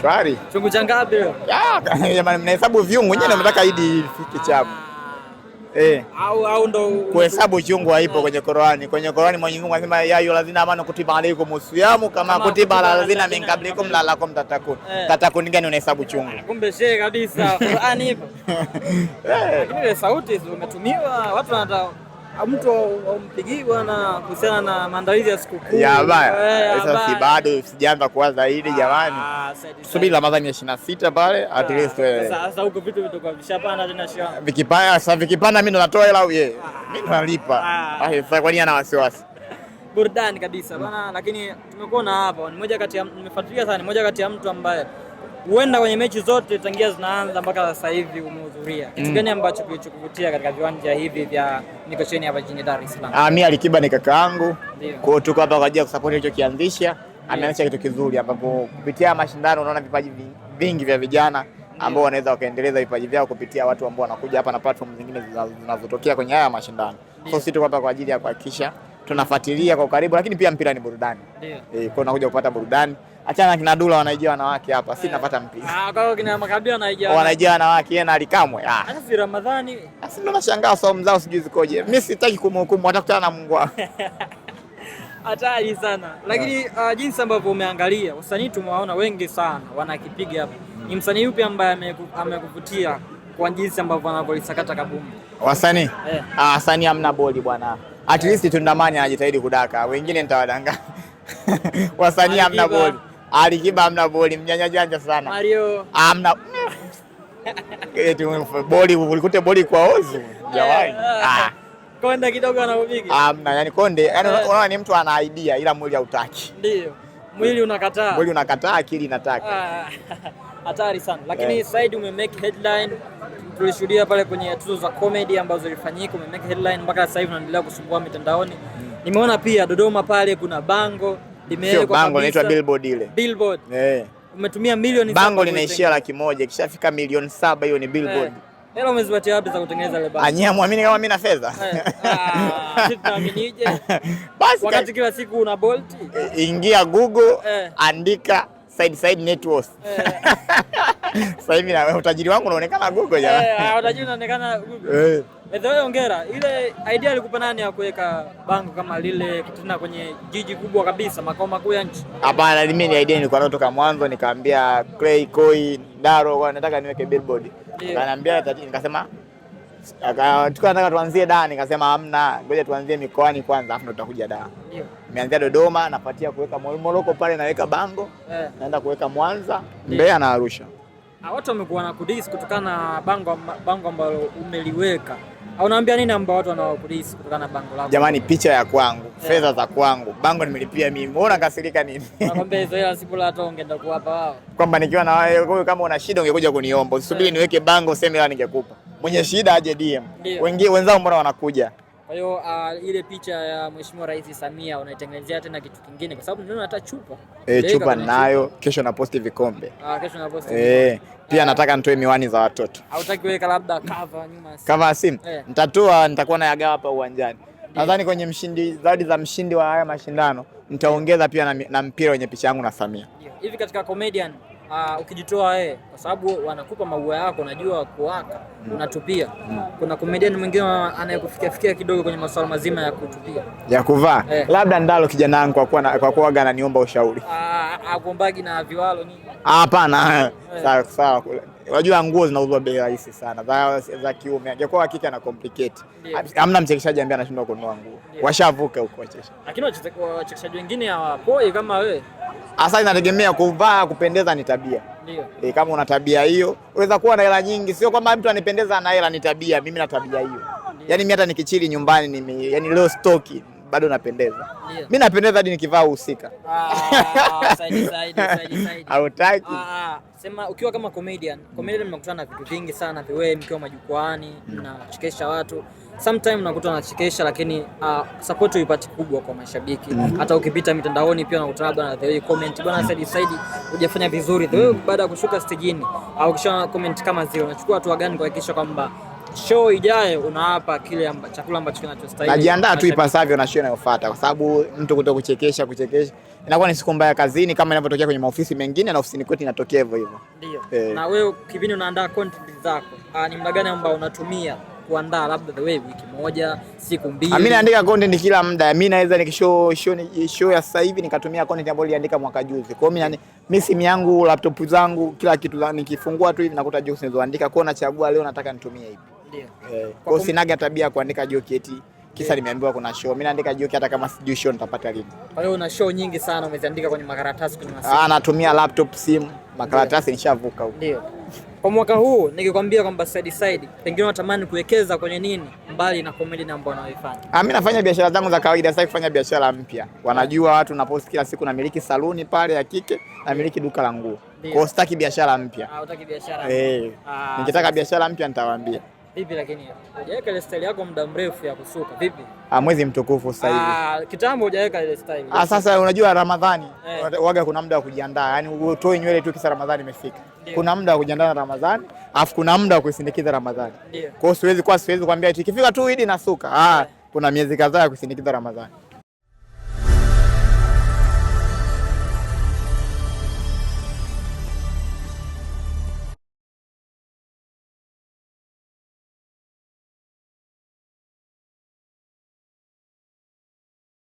Shwari. Chungu cha ngapi Jamani mnahesabu viungo nyenye mnataka Idi ifike chapo. Ah. Eh. kuhesabu chungu haipo kwenye Qur'ani. Kwenye Qur'ani Mwenyezi Mungu anasema ya ayu lazina amanu kutiba alaykum usiyamu kama kutiba ala lazina min qablikum la'allakum tatakun. Eh. Tatakun gani unahesabu chungu? Kumbe shehe kabisa Qur'ani ipo. Eh. Ile sauti umetumiwa watu wanataka mtu aumpigii bwana kuhusiana na maandalizi ya sikukuu ya baya. Eh, sasa si bado sijaanza kuwaza hili ah, jamani, subiri Ramadhani ya ishirini na sita pale at ah, least. Eh. Sasa huko vitu vitakuwa vishapanda tena shamba vikipanda. Sasa vikipanda, mimi ndo natoa hela au yeye? Eh. Mimi nalipa. Ah. ah, Sasa kwa nini ana wasiwasi? Burudani kabisa bwana, lakini tumekuona hapa, ni moja kati ya nimefuatilia sana, ni moja kati ya mtu ambaye huenda kwenye mechi zote tangia zinaanza mpaka sasa hivi umehudhuria kitu mm. gani ambacho kilichokuvutia katika viwanja hivi vya Mikocheni hapa jijini Dar es Salaam? Ah, mimi Alikiba ni kaka yangu, kwa hiyo tuko hapa kwa ajili ya kusapoti alichokianzisha. Ameanzisha kitu kizuri ambapo kupitia mashindano unaona vipaji vingi vya vijana ambao wanaweza wakaendeleza vipaji vyao kupitia watu ambao wanakuja hapa na platform zingine zinazotokea kwenye haya mashindano. So sisi tuko hapa kwa ajili ya kuhakikisha tunafuatilia kwa ukaribu, lakini pia mpira ni burudani, eh, kwa unakuja kupata burudani achana kina Dula wanaijia wanawake hapa, si eh. napata mpira. Ah, kwa hiyo kina Makabila wanaijia wanaijia wanawake, yeye na Alikamwe. Ah, hata si Ramadhani. Asi ah, ndo nashangaa somo zao sijui zikoje. Mimi sitaki kumhukumu, watakutana na Mungu wao. Hatari sana. Lakini uh, jinsi ambavyo umeangalia wasanii tumewaona wengi sana wanakipiga hapa. Ni msanii yupi ambaye amekuvutia kwa jinsi ambavyo anavyolisakata kabumbu? Wasanii? Eh. Ah, wasanii hamna boli bwana. At eh. least Tundamani anajitahidi kudaka. Wengine nitawadanganya. Wasanii hamna boli. Alikiba amna boli, mnyanya janja sana. Mario. Amna. Boli ulikute boli kwa ozu. Jawai. Eh. Ah. Konde kidogo anakupiga. Amna, yani konde, yani eh. unaona ni mtu ana idea ila mwili hautaki. Ndio. Mwili unakataa. Mwili unakataa, akili inataka. Ah. Hatari sana. Lakini yeah. Said ume make headline. Tulishuhudia pale kwenye tuzo za comedy ambazo zilifanyika, ume make headline mpaka sasa hivi unaendelea kusumbua mitandaoni. Mm. Nimeona pia Dodoma pale kuna bango Sio bango linaitwa billboard ile. Billboard. Eh. Umetumia milioni bango linaishia laki moja ikishafika milioni saba hiyo ni billboard. Eh. Hela umezipatia wapi za kutengeneza ile bango? Anyia muamini kama mimi na fedha. Eh. Ah, tunaminije? Basi wakati kila siku una bolt. Eh, ingia Google, eh, andika Side Side Networks. Eh. Sasa hivi na utajiri wangu unaonekana Google jana. Eh, ah, utajiri unaonekana Google. Eh. eh hongera. Ile idea ilikupa nani ya kuweka bango kama lile kutana kwenye jiji kubwa kabisa makao makuu ya nchi? Hapana, mimi ni idea nilikuwa nayo toka mwanzo nikaambia Clay Koi Daro kwa nataka niweke billboard. Akaniambia nikasema tukiwa nataka tuanzie Dar, nikasema hamna, ngoja tuanzie mikoani kwanza, afu ndo tutakuja Dar. Nimeanzia Dodoma, napatia kuweka Moroko pale, naweka bango, yeah. naenda kuweka Mwanza, Mbeya na Arusha. Ah, watu wamekuwa na kudis kutokana na bango bango ambalo umeliweka au ah, naambia nini ambao watu wanawakudis kutokana na bango lako? Jamani, picha ya kwangu yeah. Fedha za kwangu, bango nimelipia mimi, mbona kasirika nini? Nakwambia hizo hela sipo hata ungeenda kuwapa wao, kwamba nikiwa na wewe kama una shida ungekuja kuniomba, usubiri yeah. niweke bango, useme hela ningekupa. Mwenye shida aje DM. Wengine wenzao mbona wanakuja kwa hiyo uh, ile picha ya Mheshimiwa Rais Samia unaitengenezea tena kitu kingine, kwa sababu ninaona hata chupa e, chupa nayo kesho na posti vikombe ah, kesho na posti e, pia ah. nataka nitoe miwani za watoto. Hautaki weka labda cover nyuma ya simu, cover ya simu e. Eh. Nitatoa, nitakuwa na nayagawa hapa uwanjani nadhani kwenye mshindi zawadi za mshindi wa haya mashindano nitaongeza pia na, na mpira wenye picha yangu na Samia hivi katika comedian uh, ukijitoa wewe, kwa sababu wanakupa maua yako, unajua kuwaka mm. unatupia mm. kuna comedian mwingine anayekufikia fikia kidogo kwenye masuala mazima ya kutupia ya kuvaa eh. labda ndalo kijana wangu kwa kuwa kwa kuwa gana niomba ushauri uh, agombagi na viwalo nini? Ah, hapana, eh. sawa sawa kule Unajua nguo zinauzwa bei rahisi sana za, za kiume. Angekuwa wa kike ana complicate. Hamna mchekeshaji ambaye anashindwa kununua nguo, washavuka huko Lakini wachekeshaji wengine hawapoi kama wewe. Hasa inategemea kuvaa, kupendeza ni tabia. Ndio. E, kama una tabia hiyo, unaweza kuwa na hela nyingi, sio kwamba mtu anipendeza na hela, ni tabia. Mimi na tabia hiyo. Yaani mimi hata nikichili nyumbani nime, yani low stock bado napendeza. Mimi napendeza hadi nikivaa uhusika. Ah, saidi saidi saidi saidi. Hautaki. Ah. ah sema ukiwa kama comedian, comedian mnakutana na vitu vingi sana viwe mkiwa majukwaani mm. mnachekesha watu sometimes unakuta unachekesha, lakini uh, support huipati kubwa kwa mashabiki. Mm. Hata ukipita mitandaoni pia unakutana bwana, the way comment bwana, Said Said hujafanya vizuri the way, mm. baada ya kushuka stejini au ah, kisha comment kama zile, unachukua hatua gani kuhakikisha kwamba show ijayo unawapa kile amba, chakula ambacho kinachostahili. Najiandaa tu ipasavyo na show inayofuata, kwa sababu mtu kuto kuchekesha kuchekesha inakuwa ni siku mbaya kazini, kama inavyotokea kwenye maofisi mengine na ofisini kwetu inatokea hivyo hivyo. Ndio eh. Na wewe kipindi unaandaa content zako ah, ni muda gani ambao unatumia kuandaa, labda the way wiki moja, siku mbili? Mimi ah, naandika content kila muda. Mimi naweza ni show, show ni show ya sasa hivi nikatumia content ambayo niliandika mwaka juzi. Kwa hiyo mimi simu yangu, laptop zangu, kila kitu nikifungua tu hivi nakuta jokes nilizoandika, kwa hiyo nachagua leo nataka nitumie hivi Eh, kwa sinaga tabia ya kuandika joke eti kisa eh. nimeambiwa kuna show. Mimi naandika joke hata kama sijui show nitapata lini. Kwa hiyo una show nyingi sana umeziandika kwenye makaratasi kwenye masimu. Ah, natumia laptop, simu, makaratasi nishavuka huko. Ndio. Kwa mwaka huu nikikwambia kwamba Side Side pengine unatamani kuwekeza kwenye nini mbali na comedy na ambayo unaoifanya? Ah, mimi nafanya biashara zangu za kawaida, sasa kufanya biashara mpya. Wanajua watu na post kila siku, namiliki saluni pale ya kike, na miliki duka la nguo. Kwa hiyo sitaki biashara mpya. Ah, utaki biashara mpya. Eh. Ah, Nikitaka biashara mpya nitawaambia. Vipi lakini hujaweka ile style yako muda mrefu ya kusuka vipi? Ah, mwezi mtukufu sasa hivi. Ah, kitambo hujaweka ile style. Ah, sasa unajua Ramadhani eh, waga kuna muda wa kujiandaa. Yaani utoe nywele tu kisa Ramadhani imefika. Kuna muda wa kujiandaa na Ramadhani, alafu kuna muda wa kuisindikiza Ramadhani. Kwa hiyo siwezi kwa siwezi kwambia ikifika tu Idi nasuka. Ah, eh. kuna miezi kadhaa ya kuisindikiza Ramadhani.